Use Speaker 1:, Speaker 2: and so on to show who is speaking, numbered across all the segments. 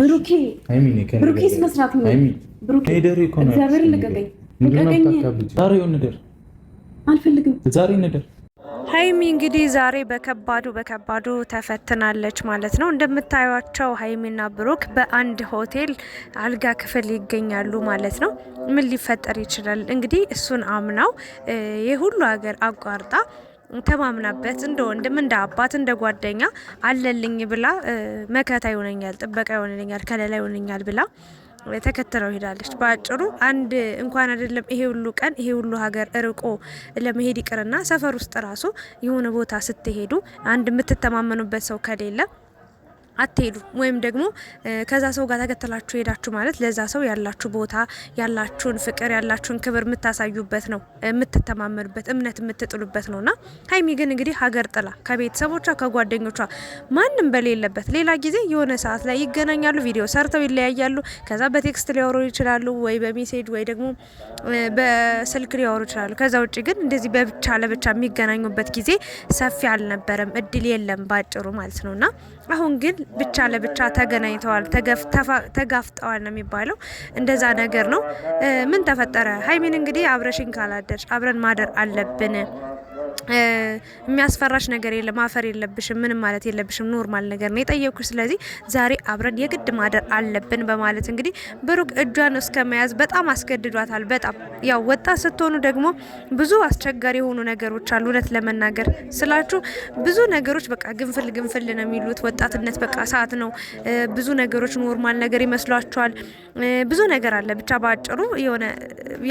Speaker 1: ብሩኬ ብሩኬ ብሩኬ እግዚአብሔር አልፈልግም። ዛሬ ሀይሚ እንግዲህ ዛሬ በከባዱ በከባዱ ተፈትናለች ማለት ነው። እንደምታዩቸው ሀይሚና ብሩክ በአንድ ሆቴል አልጋ ክፍል ይገኛሉ ማለት ነው። ምን ሊፈጠር ይችላል እንግዲህ እሱን አምናው የሁሉ ሀገር አቋርጣ ተማምናበት እንደ ወንድም እንደ አባት እንደ ጓደኛ አለልኝ ብላ መከታ ይሆነኛል፣ ጥበቃ ይሆነኛል፣ ከለላ ይሆነኛል ብላ ተከትለው ሄዳለች። በአጭሩ አንድ እንኳን አይደለም ይሄ ሁሉ ቀን ይሄ ሁሉ ሀገር ርቆ ለመሄድ ይቅርና ሰፈር ውስጥ ራሱ የሆነ ቦታ ስትሄዱ አንድ የምትተማመኑበት ሰው ከሌለ አትሄዱ ወይም ደግሞ ከዛ ሰው ጋር ተከተላችሁ ሄዳችሁ ማለት ለዛ ሰው ያላችሁ ቦታ ያላችሁን ፍቅር ያላችሁን ክብር የምታሳዩበት ነው፣ የምትተማመኑበት እምነት የምትጥሉበት ነውና ሀይሚ ግን እንግዲህ ሀገር ጥላ ከቤተሰቦቿ ከጓደኞቿ ማንም በሌለበት ሌላ ጊዜ የሆነ ሰዓት ላይ ይገናኛሉ፣ ቪዲዮ ሰርተው ይለያያሉ። ከዛ በቴክስት ሊያወሩ ይችላሉ፣ ወይ በሜሴጅ ወይ ደግሞ በስልክ ሊያወሩ ይችላሉ። ከዛ ውጭ ግን እንደዚህ በብቻ ለብቻ የሚገናኙበት ጊዜ ሰፊ አልነበረም፣ እድል የለም ባጭሩ ማለት ነውና አሁን ግን ብቻ ለብቻ ተገናኝተዋል፣ ተጋፍጠዋል ነው የሚባለው። እንደዛ ነገር ነው። ምን ተፈጠረ? ሀይሚን እንግዲህ አብረሽን ካላደርሽ አብረን ማደር አለብን የሚያስፈራሽ ነገር የለም፣ አፈር የለብሽም፣ ምንም ማለት የለብሽም። ኖርማል ነገር ነው የጠየኩሽ። ስለዚህ ዛሬ አብረን የግድ ማደር አለብን በማለት እንግዲህ ብሩክ እጇን እስከ መያዝ በጣም አስገድዷታል። በጣም ያው ወጣት ስትሆኑ ደግሞ ብዙ አስቸጋሪ የሆኑ ነገሮች አሉ። እውነት ለመናገር ስላችሁ ብዙ ነገሮች በቃ ግንፍል ግንፍል ነው የሚሉት። ወጣትነት በቃ ሰዓት ነው። ብዙ ነገሮች ኖርማል ነገር ይመስሏቸዋል። ብዙ ነገር አለ። ብቻ በአጭሩ የሆነ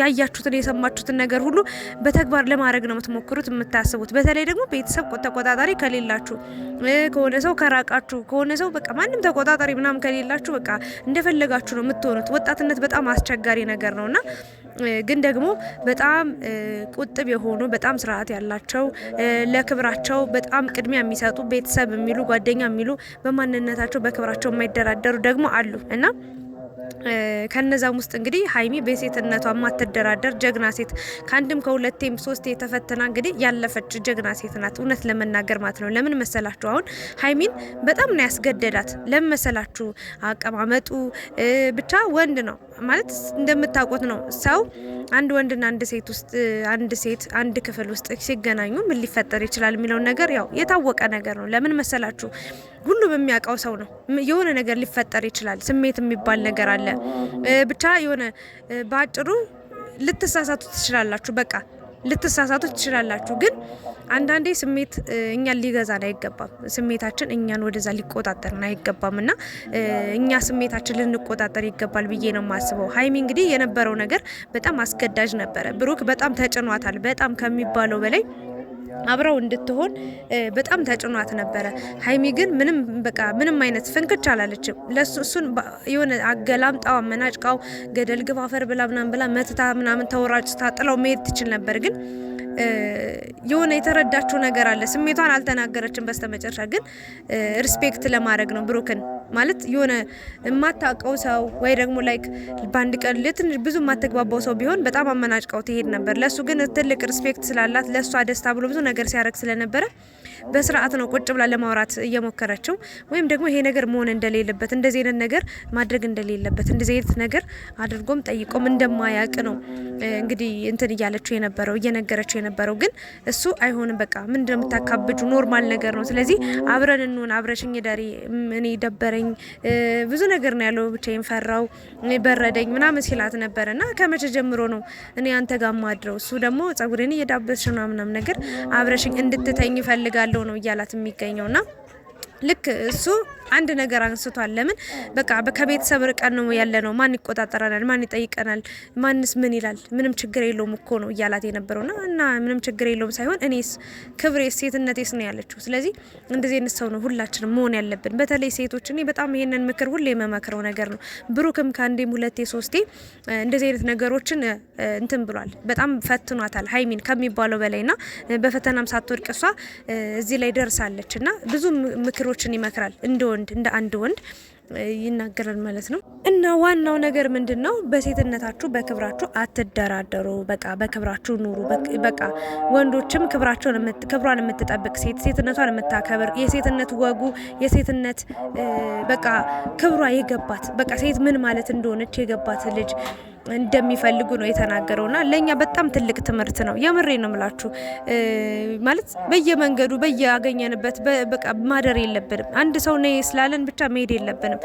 Speaker 1: ያያችሁትን የሰማችሁትን ነገር ሁሉ በተግባር ለማድረግ ነው የምትሞክሩት የምታስቡት። በተለይ ደግሞ ቤተሰብ ተቆጣጣሪ ከሌላችሁ ከሆነ ሰው ከራቃችሁ ከሆነ ሰው በቃ ማንም ተቆጣጣሪ ምናምን ከሌላችሁ በቃ እንደፈለጋችሁ ነው የምትሆኑት። ወጣትነት በጣም አስቸጋሪ ነገር ነው እና ግን ደግሞ በጣም ቁጥብ የሆኑ በጣም ስርዓት ያላቸው ለክብራቸው በጣም ቅድሚያ የሚሰጡ ቤተሰብ የሚሉ ጓደኛ የሚሉ በማንነታቸው በክብራቸው የማይደራደሩ ደግሞ አሉ እና ከነዛም ውስጥ እንግዲህ ሀይሚ በሴትነቷ ማትደራደር ጀግና ሴት ከአንድም ከሁለቴም ሶስቴ የተፈተና እንግዲህ ያለፈች ጀግና ሴት ናት፣ እውነት ለመናገር ማለት ነው። ለምን መሰላችሁ? አሁን ሀይሚን በጣም ነው ያስገደዳት። ለምን መሰላችሁ? አቀማመጡ ብቻ ወንድ ነው ማለት እንደምታውቁት ነው ሰው አንድ ወንድና አንድ ሴት ውስጥ አንድ ሴት አንድ ክፍል ውስጥ ሲገናኙ ምን ሊፈጠር ይችላል የሚለውን ነገር ያው የታወቀ ነገር ነው። ለምን መሰላችሁ? ሁሉም የሚያውቀው ሰው ነው። የሆነ ነገር ሊፈጠር ይችላል። ስሜት የሚባል ነገር አለ። ብቻ የሆነ በአጭሩ ልትሳሳቱ ትችላላችሁ። በቃ ልትሳሳቱ ትችላላችሁ ግን አንዳንዴ ስሜት እኛን ሊገዛን አይገባም። ስሜታችን እኛን ወደዛ ሊቆጣጠርን አይገባም እና እኛ ስሜታችን ልንቆጣጠር ይገባል ብዬ ነው የማስበው። ሀይሚ እንግዲህ የነበረው ነገር በጣም አስገዳጅ ነበረ። ብሩክ በጣም ተጭኗታል፣ በጣም ከሚባለው በላይ አብረው እንድትሆን በጣም ተጭኗት ነበረ። ሀይሚ ግን ምንም በቃ ምንም አይነት ፍንክች አላለችም። ለሱ እሱን የሆነ አገላምጣው አመናጭቃው ገደል ግባ አፈር ብላ ምናምን ብላ መትታ ምናምን ተወራጭታ ጥለው መሄድ ትችል ነበር ግን የሆነ የተረዳችው ነገር አለ። ስሜቷን አልተናገረችም። በስተመጨረሻ ግን ሪስፔክት ለማድረግ ነው ብሩክን ማለት የሆነ የማታውቀው ሰው ወይ ደግሞ ላይክ በአንድ ቀን ለትንሽ ብዙ የማትግባባው ሰው ቢሆን በጣም አመናጭቀው ትሄድ ነበር። ለእሱ ግን ትልቅ ሪስፔክት ስላላት ለእሷ ደስታ ብሎ ብዙ ነገር ሲያደርግ ስለነበረ በስርዓት ነው ቁጭ ብላ ለማውራት እየሞከረችው ወይም ደግሞ ይሄ ነገር መሆን እንደሌለበት እንደዚህ አይነት ነገር ማድረግ እንደሌለበት እንደዚህ አይነት ነገር አድርጎም ጠይቆም እንደማያውቅ ነው እንግዲህ እንትን እያለችው የነበረው እየነገረችው የነበረው ግን እሱ አይሆንም፣ በቃ ምን እንደምታካብጁ ኖርማል ነገር ነው። ስለዚህ አብረን እንሆን አብረሽኝ ዳሪ እኔ ደበረኝ ብዙ ነገር ነው ያለው ብቻዬን ፈራው በረደኝ ምናምን ሲላት ነበረ እና ከመቼ ጀምሮ ነው እኔ አንተ ጋር ማድረው እሱ ደግሞ ጸጉሬን እየዳበስሽ ምናምናም ነገር አብረሽኝ እንድትተኝ ይፈልጋለሁ ወስዶ ነው እያላት የሚገኘውና ልክ እሱ አንድ ነገር አንስቷል። ለምን በቃ ከቤተሰብ ርቀን ነው ያለ ነው። ማን ይቆጣጠረናል? ማን ይጠይቀናል? ማንስ ምን ይላል? ምንም ችግር የለውም እኮ ነው እያላት የነበረው ና እና ምንም ችግር የለውም ሳይሆን እኔስ ሴትነት ሴትነቴስ ነው ያለችው። ስለዚህ እንደዚህ አይነት ሰው ነው ሁላችንም መሆን ያለብን፣ በተለይ ሴቶች። እኔ በጣም ይሄንን ምክር ሁሌ የመመክረው ነገር ነው። ብሩክም ከአንዴም ሁለቴ ሶስቴ እንደዚህ አይነት ነገሮችን እንትን ብሏል። በጣም ፈትኗታል ሀይሚን ከሚባለው በላይ ና በፈተናም ሳትወድቅ እሷ እዚህ ላይ ደርሳለች እና ብዙ ምክሮችን ይመክራል እንደወ ወንድ እንደ አንድ ወንድ ይናገራል ማለት ነው። እና ዋናው ነገር ምንድን ነው? በሴትነታችሁ በክብራችሁ አትደራደሩ። በቃ በክብራችሁ ኑሩ። በቃ ወንዶችም ክብራቸውን ክብሯን የምትጠብቅ ሴት፣ ሴትነቷን የምታከብር የሴትነት ወጉ የሴትነት በቃ ክብሯ የገባት በቃ ሴት ምን ማለት እንደሆነች የገባት ልጅ እንደሚፈልጉ ነው የተናገረው ና ለእኛ በጣም ትልቅ ትምህርት ነው። የምሬ ነው ምላችሁ ማለት በየመንገዱ በየአገኘንበት በቃ ማደር የለብንም። አንድ ሰው ነ ስላለን ብቻ መሄድ የለብንም።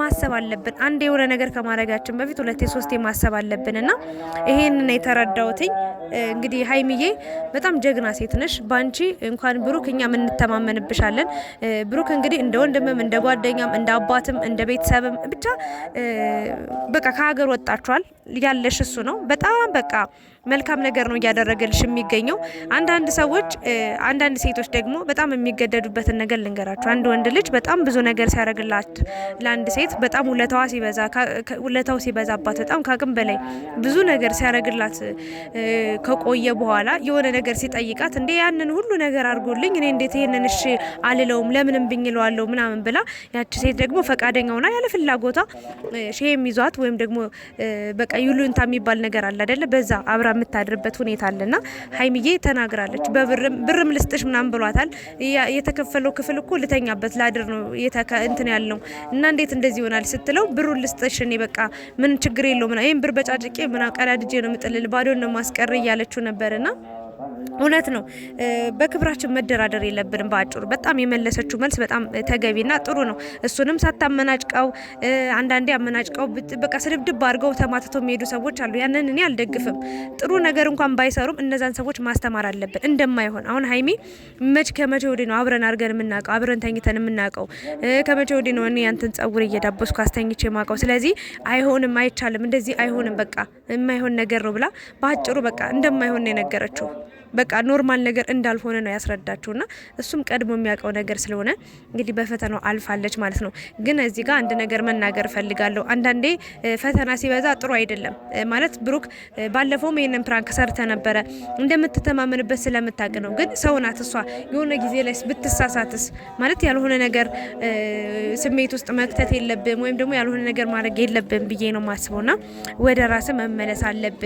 Speaker 1: ማሰብ አለብን። አንድ የሆነ ነገር ከማድረጋችን በፊት ሁለቴ ሶስቴ ማሰብ አለብን ና ይሄንን የተረዳውትኝ እንግዲህ ሀይሚዬ በጣም ጀግና ሴት ነሽ። ባንቺ እንኳን ብሩክ እኛ የምንተማመንብሻለን። ብሩክ እንግዲህ እንደ ወንድምም እንደ ጓደኛም እንደ አባትም እንደ ቤተሰብም ብቻ በቃ ከሀገር ወጣ ይመስላችኋል? ያለሽ እሱ ነው። በጣም በቃ መልካም ነገር ነው እያደረገልሽ የሚገኘው። አንዳንድ ሰዎች አንዳንድ ሴቶች ደግሞ በጣም የሚገደዱበትን ነገር ልንገራቸው። አንድ ወንድ ልጅ በጣም ብዙ ነገር ሲያደርግላት ለአንድ ሴት በጣም ውለታዋ ሲበዛ ውለታው ሲበዛባት በጣም ካቅም በላይ ብዙ ነገር ሲያደርግላት ከቆየ በኋላ የሆነ ነገር ሲጠይቃት እንዴ ያንን ሁሉ ነገር አድርጎልኝ እኔ እንዴት ይህንን እሺ አልለውም ለምንም ብኝለዋለው ምናምን ብላ ያቺ ሴት ደግሞ ፈቃደኛ ሆና ያለ ፍላጎቷ ሼም ይዟት ወይም ደግሞ በቃ ይሉንታ የሚባል ነገር አለ አደለ በዛ አብራ የምታድርበት ሁኔታ አለና ሀይሚዬ ተናግራለች። በብርም ብርም ልስጥሽ ምናምን ብሏታል። የተከፈለው ክፍል እኮ ልተኛበት ላድር ነው እንትን ያለው እና እንዴት እንደዚህ ይሆናል ስትለው ብሩን ልስጥሽ እኔ በቃ ምን ችግር የለው ምና ይህም ብር በጫጭቄ ምና ቀዳድጄ ነው የምጥልል ባዶ ነው ማስቀር እያለችው ነበርና እውነት ነው። በክብራችን መደራደር የለብንም። በአጭሩ በጣም የመለሰችው መልስ በጣም ተገቢና ጥሩ ነው። እሱንም ሳታመናጭቀው አንዳንዴ አመናጭቀው በቃ ስድብድብ አድርገው ተማትተው የሚሄዱ ሰዎች አሉ። ያንን እኔ አልደግፍም። ጥሩ ነገር እንኳን ባይሰሩም እነዛን ሰዎች ማስተማር አለብን እንደማይሆን። አሁን ሀይሚ መች ከመቼ ወዲህ ነው አብረን አድርገን የምናውቀው አብረን ተኝተን የምናውቀው? ከመቼ ወዲህ ነው እኔ ያንተን ጸጉር እየዳበስኩ አስተኝቼ የማውቀው? ስለዚህ አይሆንም፣ አይቻልም፣ እንደዚህ አይሆንም፣ በቃ የማይሆን ነገር ነው ብላ በአጭሩ በቃ እንደማይሆን ነው የነገረችው። በቃ ኖርማል ነገር እንዳልሆነ ነው ያስረዳችሁና እሱም ቀድሞ የሚያውቀው ነገር ስለሆነ እንግዲህ በፈተናው አልፋለች ማለት ነው። ግን እዚህ ጋር አንድ ነገር መናገር ፈልጋለሁ አንዳንዴ ፈተና ሲበዛ ጥሩ አይደለም ማለት ብሩክ ባለፈውም ይህንን ፕራንክ ሰርተ ነበረ እንደምትተማመንበት ስለምታውቅ ነው። ግን ሰው ናት እሷ የሆነ ጊዜ ላይ ብትሳሳትስ ማለት ያልሆነ ነገር ስሜት ውስጥ መክተት የለብም ወይም ደግሞ ያልሆነ ነገር ማድረግ የለብም ብዬ ነው ማስበውና ወደ ራስ መመለስ አለብ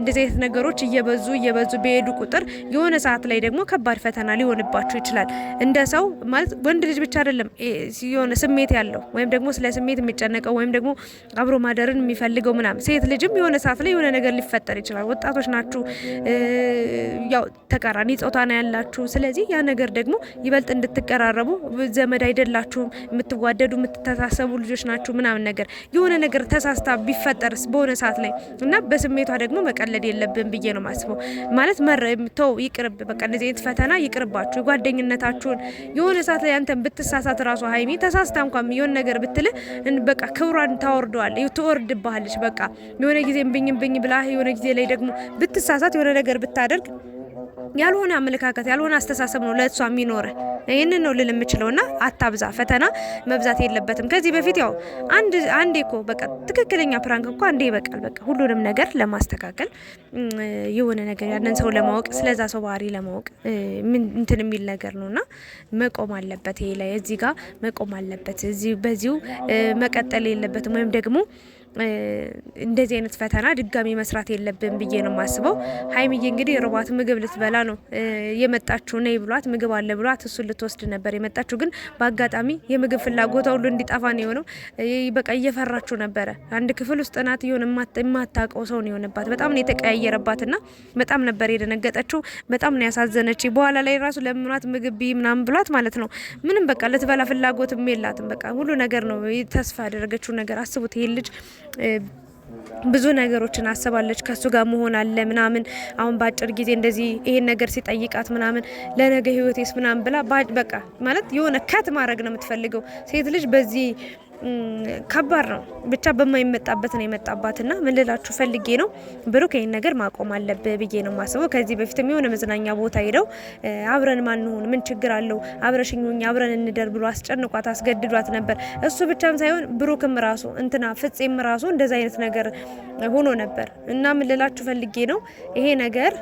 Speaker 1: እንደዚህ አይነት ነገሮች እየበዙ እየበዙ በሄዱ ቁጥር የሆነ ሰዓት ላይ ደግሞ ከባድ ፈተና ሊሆንባችሁ ይችላል። እንደ ሰው ማለት ወንድ ልጅ ብቻ አይደለም የሆነ ስሜት ያለው ወይም ደግሞ ስለ ስሜት የሚጨነቀው ወይም ደግሞ አብሮ ማደርን የሚፈልገው ምናምን ሴት ልጅም የሆነ ሰዓት ላይ የሆነ ነገር ሊፈጠር ይችላል። ወጣቶች ናችሁ፣ ያው ተቃራኒ ጾታ ነው ያላችሁ። ስለዚህ ያ ነገር ደግሞ ይበልጥ እንድትቀራረቡ ዘመድ አይደላችሁም፣ የምትዋደዱ የምትተሳሰቡ ልጆች ናችሁ ምናምን ነገር የሆነ ነገር ተሳስታ ቢፈጠርስ በሆነ ሰዓት ላይ እና በስሜቷ ደግሞ መቀለድ የለብን ብዬ ነው ማስበው ማለት የምር የምተው ይቅርብ። በቃ እንደዚህ አይነት ፈተና ይቅርባችሁ። ጓደኝነታችሁን የሆነ ሰዓት ላይ አንተን ብትሳሳት ራሱ ሀይሚ ተሳስታ እንኳን የሆነ ነገር ብትል በቃ ክብሯን ታወርደዋል ትወርድባሃለች። በቃ የሆነ ጊዜ እምብኝ እምብኝ ብላ የሆነ ጊዜ ላይ ደግሞ ብትሳሳት የሆነ ነገር ብታደርግ ያልሆነ አመለካከት ያልሆነ አስተሳሰብ ነው ለእሷ የሚኖረ። ይህንን ነው ልል የምችለውና አታብዛ። ፈተና መብዛት የለበትም። ከዚህ በፊት ያው አንድ አንዴ እኮ በቃ ትክክለኛ ፕራንክ እኮ አንዴ ይበቃል። በቃ ሁሉንም ነገር ለማስተካከል የሆነ ነገር ያንን ሰው ለማወቅ ስለዛ ሰው ባህሪ ለማወቅ እንትን የሚል ነገር ና መቆም አለበት። ይሄ ላይ እዚህ ጋር መቆም አለበት። በዚሁ መቀጠል የለበትም ወይም ደግሞ እንደዚህ አይነት ፈተና ድጋሚ መስራት የለብን ብዬ ነው የማስበው። ሀይሚዬ እንግዲህ ርቧት ምግብ ልትበላ ነው የመጣችሁ ነይ ብሏት ምግብ አለ ብሏት እሱን ልትወስድ ነበር የመጣችሁ፣ ግን በአጋጣሚ የምግብ ፍላጎቷ ሁሉ እንዲጠፋ ነው የሆነው። በቃ እየፈራችሁ ነበረ። አንድ ክፍል ውስጥ ናት የሆነ የማታውቀው ሰው ነው የሆነባት። በጣም ነው የተቀያየረባት ና በጣም ነበር የደነገጠችው። በጣም ነው ያሳዘነች። በኋላ ላይ ራሱ ለምኗት ምግብ ቢ ምናምን ብሏት ማለት ነው ምንም በቃ ልትበላ ፍላጎትም የላትም። በቃ ሁሉ ነገር ነው ተስፋ ያደረገችው ነገር አስቡት ይሄ ልጅ ብዙ ነገሮችን አስባለች። ከሱ ጋር መሆን አለ ምናምን አሁን በአጭር ጊዜ እንደዚህ ይሄን ነገር ሲጠይቃት ምናምን ለነገ ህይወቴስ ምናምን ብላ በቃ ማለት የሆነ ከት ማድረግ ነው የምትፈልገው ሴት ልጅ በዚህ ከባድ ነው። ብቻ በማይመጣበት ነው የመጣባትና ምን ልላችሁ ፈልጌ ነው ብሩክ ይህን ነገር ማቆም አለብህ ብዬ ነው ማስበው። ከዚህ በፊትም የሆነ መዝናኛ ቦታ ሄደው አብረን ማንሆን ምን ችግር አለው አብረሽኙኝ አብረን እንደር ብሎ አስጨንቋት አስገድዷት ነበር። እሱ ብቻም ሳይሆን ብሩክም ራሱ እንትና ፍጼም ራሱ እንደዚ አይነት ነገር ሆኖ ነበር እና ምን ልላችሁ ፈልጌ ነው ይሄ ነገር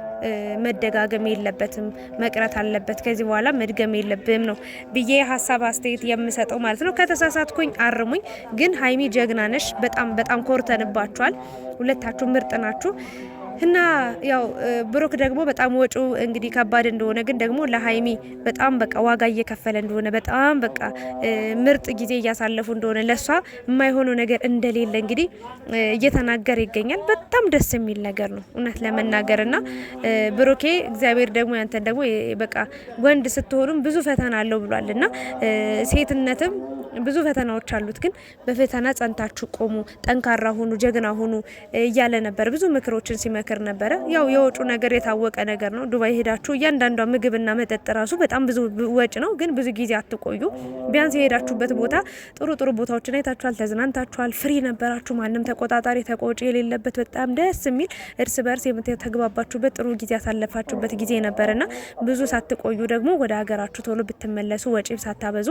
Speaker 1: መደጋገም የለበትም፣ መቅረት አለበት። ከዚህ በኋላ መድገም የለብም ነው ብዬ ሀሳብ አስተያየት የምሰጠው ማለት ነው። ከተሳሳትኩኝ አርሙኝ። ግን ሀይሚ ጀግናነሽ በጣም በጣም ኮርተንባችኋል። ሁለታችሁ ምርጥ ናችሁ። እና ያው ብሩክ ደግሞ በጣም ወጪው እንግዲህ ከባድ እንደሆነ ግን ደግሞ ለሀይሚ በጣም በቃ ዋጋ እየከፈለ እንደሆነ በጣም በቃ ምርጥ ጊዜ እያሳለፉ እንደሆነ ለሷ የማይሆነው ነገር እንደሌለ እንግዲህ እየተናገረ ይገኛል። በጣም ደስ የሚል ነገር ነው እውነት ለመናገር እና ብሩኬ እግዚአብሔር ደግሞ ያንተን ደግሞ በቃ ወንድ ስትሆኑም ብዙ ፈተና አለው ብሏል እና ሴትነትም ብዙ ፈተናዎች አሉት። ግን በፈተና ጸንታችሁ ቆሙ፣ ጠንካራ ሁኑ፣ ጀግና ሁኑ እያለ ነበር። ብዙ ምክሮችን ሲመክር ነበረ። ያው የወጩ ነገር የታወቀ ነገር ነው። ዱባይ ሄዳችሁ እያንዳንዷ ምግብና መጠጥ ራሱ በጣም ብዙ ወጭ ነው። ግን ብዙ ጊዜ አትቆዩ። ቢያንስ የሄዳችሁበት ቦታ ጥሩ ጥሩ ቦታዎችን አይታችኋል፣ ተዝናንታችኋል፣ ፍሪ ነበራችሁ። ማንም ተቆጣጣሪ ተቆጪ የሌለበት በጣም ደስ የሚል እርስ በርስ የምተግባባችሁበት ጥሩ ጊዜ ያሳለፋችሁበት ጊዜ ነበርና ብዙ ሳትቆዩ ደግሞ ወደ ሀገራችሁ ቶሎ ብትመለሱ ወጪም ሳታበዙ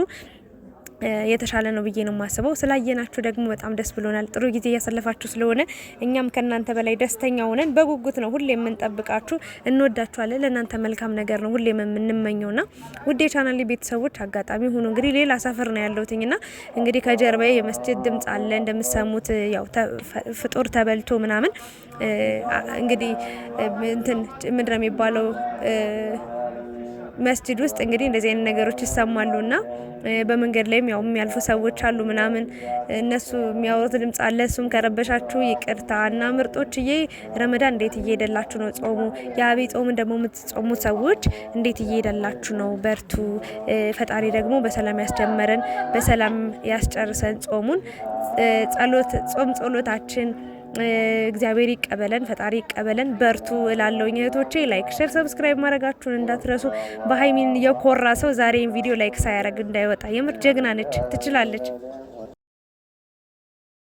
Speaker 1: የተሻለ ነው ብዬ ነው የማስበው። ስላየናችሁ ደግሞ በጣም ደስ ብሎናል። ጥሩ ጊዜ እያሳለፋችሁ ስለሆነ እኛም ከእናንተ በላይ ደስተኛ ሆነን በጉጉት ነው ሁሌ የምንጠብቃችሁ። እንወዳችኋለን። ለእናንተ መልካም ነገር ነው ሁሌም የምንመኘው ና ውድ የቻናል ቤተሰቦች፣ አጋጣሚ ሆኖ እንግዲህ ሌላ ሰፈር ነው ያለሁትኝ ና እንግዲህ ከጀርባ የመስጅድ ድምጽ አለ እንደምሰሙት ያው ፍጡር ተበልቶ ምናምን እንግዲህ እንትን ምንድነው የሚባለው መስጂድ ውስጥ እንግዲህ እንደዚህ አይነት ነገሮች እና በመንገድ ላይም ያው የሚያልፉ ሰዎች አሉ ምናምን እነሱ የሚያወሩት ድምጽ አለ። እሱም ከረበሻችሁ ይቅርታ እና እዬ ረመዳን እንዴት እየሄደላችሁ ነው? ጾሙ የአብይ ጾምን ደግሞ የምትጾሙ ሰዎች እንዴት እየሄደላችሁ ነው? በርቱ። ፈጣሪ ደግሞ በሰላም ያስጀመረን በሰላም ያስጨርሰን ጾሙን ጸሎት ጾም ጸሎታችን እግዚአብሔር ይቀበለን፣ ፈጣሪ ይቀበለን። በርቱ እላለሁ እህቶቼ። ላይክ፣ ሼር፣ ሰብስክራይብ ማድረጋችሁን እንዳትረሱ። በሀይሚን የኮራ ሰው ዛሬን ቪዲዮ ላይክ ሳያደርግ እንዳይወጣ። የምር ጀግና ነች፣ ትችላለች።